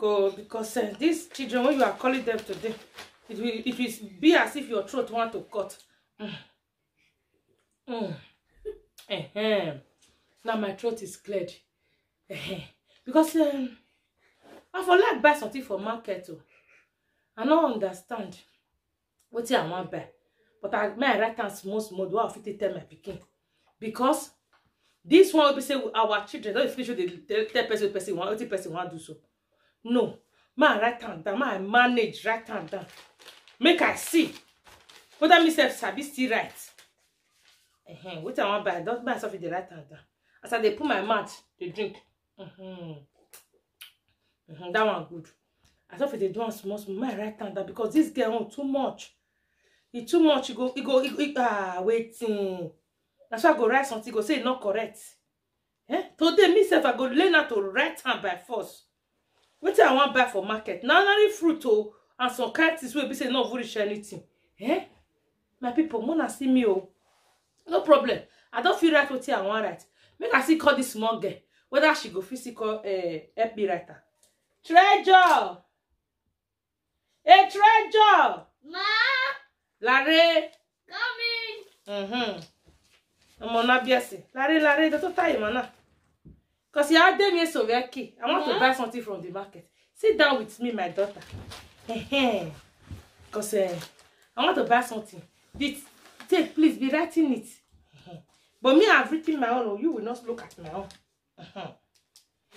go because uh, eh, these children when you are calling them today it will it will be as if your throat want to cut mm. Mm. Uh -huh. now my throat is cleared uh -huh. because um, i for like buy something for market o oh. i no understand what i want buy but i may i write am small small the i fit tell my picking? because this one will be say our children don dey finish show dey tell person person one, wetin person wan do so no ma write am down ma manage write am down make i see whether me sef sabi still write uh-huh. wetin i wan buy don buy myself dey write am down as i dey put my mouth dey drink uh-huh. Uh-huh. that one good i sef dey do am small small ma write am down because this girl own oh, too much e too much e go e go e go e, ah wetin na so i go write something e go say e no correct eh today me sef i go learn how to write am by force wetin i wan buy for market na ordinary fruit o and some kind things wey be say e no reach anything eh my people mona see me o no problem i don fit write wetin i wan write make i still call this small girl whether she go fit still call uh, help me write am treasure a treasure ma lare coming mm-hmm. ọmọ náà bí ẹsẹ lare lare dọtọ táyé mọ náà. Because you had me so lucky. I want yeah. to buy something from the market. Sit down with me, my daughter. Because uh, eh, I want to buy something. This, take, please be writing it. But me, I've written my own. Oh, you will not look at my own.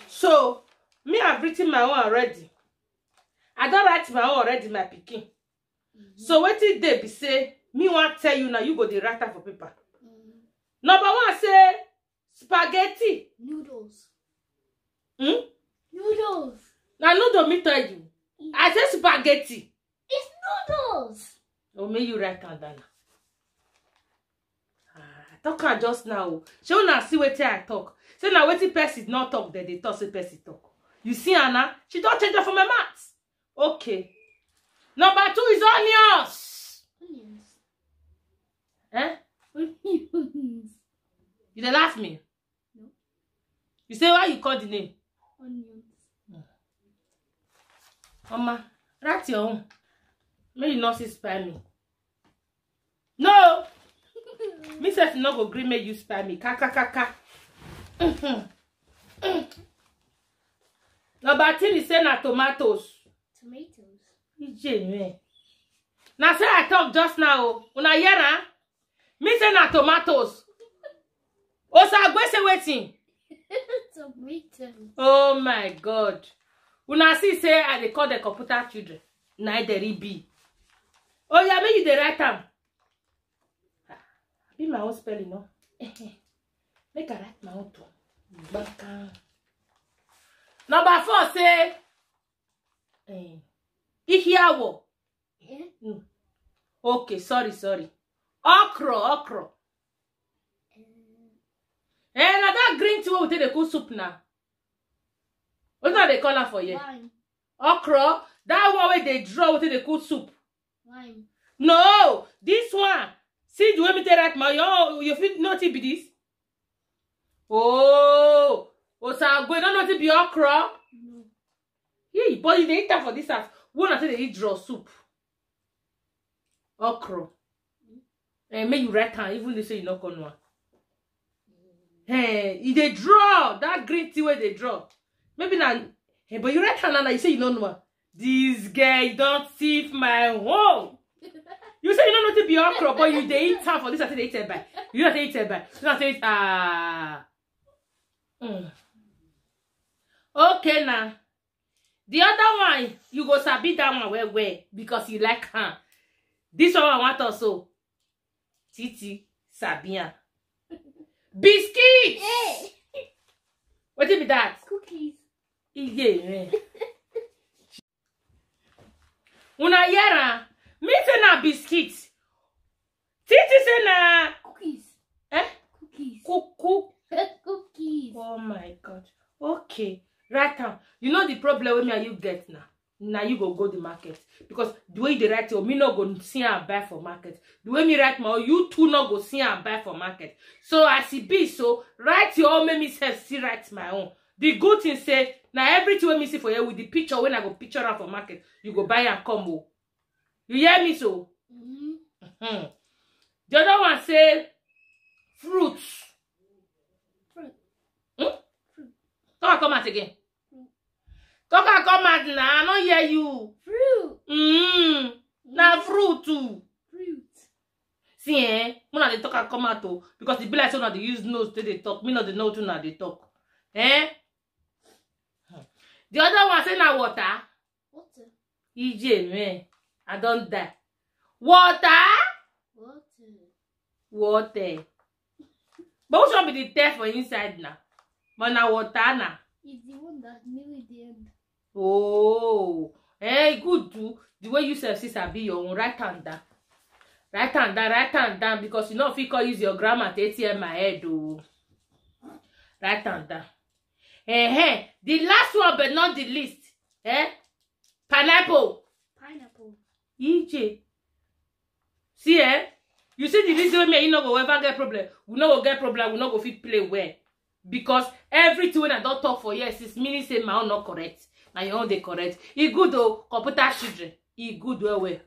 So, me, I've written my own already. I don't write my own already, my picking. Mm -hmm. So, wetin dey be say, me wan tell you now, you go the writer for paper. Mm -hmm. Number one, say, Spaghetti. Noodles. Hmm? Noodles. Na noodle me tell you. I say spaghetti. It's noodles. Oh, may you write am down. Ah, I talk am just now. Shey una see wetin I talk. Say na wetin Percy not talk dem they talk say Percy talk. You see Anna? She don't change her for my mouth. Okay. Number two is onions. Onions. Eh? Onions. You dey laugh me? You say why you call the name? Onions. Mama, hmm. write your own. May you not spare me. No! Mrs. no go gree make you spare me. Kaka kaka. Mm-hmm. Mm-hmm. Number three say na tomatoes. Tomatoes. Ije me. Now say I talk just now o. Oh. Una hear am? Me say na tomatoes. Osa agwe se waiting of oh my god una see say i dey call the computer children na e dere be oya oh, make you dey write am ah, be my own spelling no make i write my own too number four say eh, ihiawo yeah? Hmm. okay sorry sorry okro okro eh na that green tea wey we take dey cook soup na wetin i dey call am for here okra that one wey dey draw we take dey cook soup Wine. no this one see the way me take write my own you fit know wetin be this oh, osagbo you no know wetin be okra no. yeah, but you dey eat am for this house wey una take dey eat draw soup okra eh, make you write am even though say you no come one. Hey, e dey draw that green tea where they draw maybe na hey, but you reckon na na you say you don't know this girl don thief my home you say you don't know to be okra but you they eat am for this i say they eat eba you know i say eat eba this i say eat ah mm. okay now, the other one you go sabi that one where where because you like her. this one i want also. titi sabi Biscuits! Hey. What did be that? Cookies. Yeah. Eh. Una yera. Me say na biscuits. Titi say na cookies. Eh? Cookies. Cuckoo. cookies. Oh my god. Okay. Right now. You know the problem with me and you get now. Now you go go the market the way you dey write your me no go see and buy for market the way me write my own you too no go see and buy for market so as it e be so write your own make me say see, write my own the good thing say now everything wey me see for here with the picture when i go picture am for market you go buy and come o oh. you hear me so mm -hmm. the other one say fruits. fruit hmm? fruit talk am come out again mm. talk am come out now. i no hear you. Mm, na fruit. Fruit. See, eh? When dey talk I come out, oh. Because the be like say una use nose till dey talk. Me not the nose, wetin una dey talk. Eh? The other one say na water. Water. EJ, man. Eh, I don't die. Water? Water. Water. But which one be the third for inside now? But na water now. It's the one that near the end. Oh eh good do the way you sef see sabi your own write am down write am down write am down because you no fit call use your grammar take tear my head oo oh. write am down eh, eh the last one but not the least eh pineapple pineapple ej see eh you see the reason wey me and you no go ever get problem we no go get problem we no go fit play well because everything wey i don talk for here since meaning say my own no correct na your own dey correct e good o computer children e good well well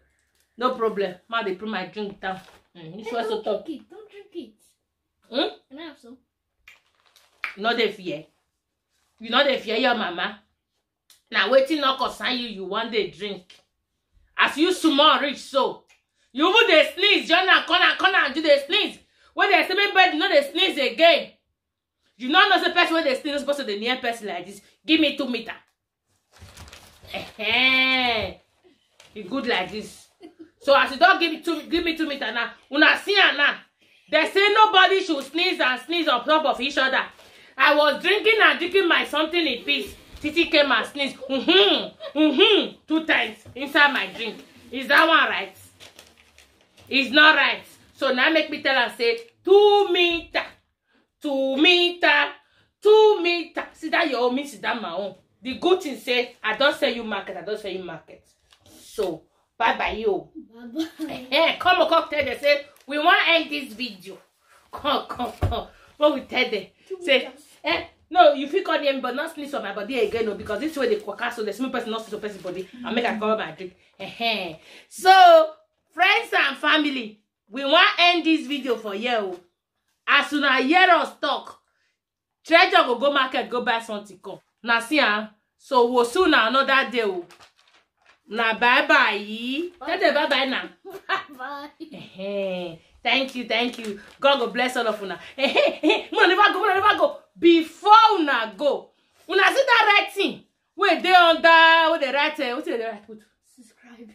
no problem ma dey put my drink down mm, if you also talk don't drink it hmm? can i have some you no dey fear you no dey fear your mama na wetin no concern you you wan dey drink as you small reach so you even dey sneeze jona corner corner and you dey sneeze wey dey say bed, bird no dey sneeze again you no know say person wey dey sneeze no suppose to dey near person like this give me two meter he good like this so as you don't give me two give me two meter now una see am now they say nobody should sneeze and sneeze on top of each other i was drinking and drinking my something in peace titi came and sneezed. mm-hmm, mm-hmm, two times inside my drink is that one right It's not right so now make me tell her say two meter two meter two meter see that your own mean see that my own the good thing say i don sell you market i don sell you market so bye bye yo eh come on come tell them say we wan end this video come come come what we tell them say eh no you fit call them but not sleep on my body again o because this way dey kwaka so the small person no sleep on person body and make i cover my drink eh so friends and family we wan end this video for here o oh. as una hear us talk treasure go go market go buy something come na see am. Huh? so we'll see una another day o oh. na bye bye tell them bye bye na bye bye thank you thank you god go bless all of una una never go una never go before una go una see that right thing wey dey under wey dey write uh, wetin dey write put subscribe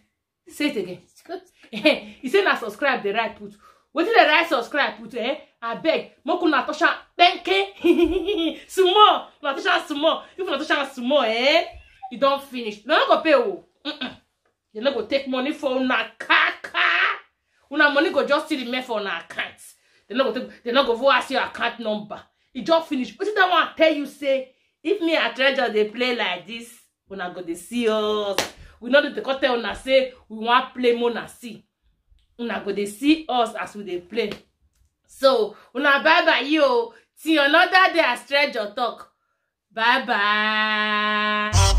say it again he say na subscribe dey write put wetin dey write subscribe put eh abeg make una touch am kpenke small una touch am small if una touch am small eh e don finish una no go pay o oh. dem no go take money for una kaka una money go just still remain for una account dem no go take dem no go go ask your account number e just finish wetin dat one tell you say if me and treasure dey play like dis una go dey see us we no dey come tell una say we wan play mona see una go dey see us as we dey play so una bye bye o till another day as treasure talk bye bye.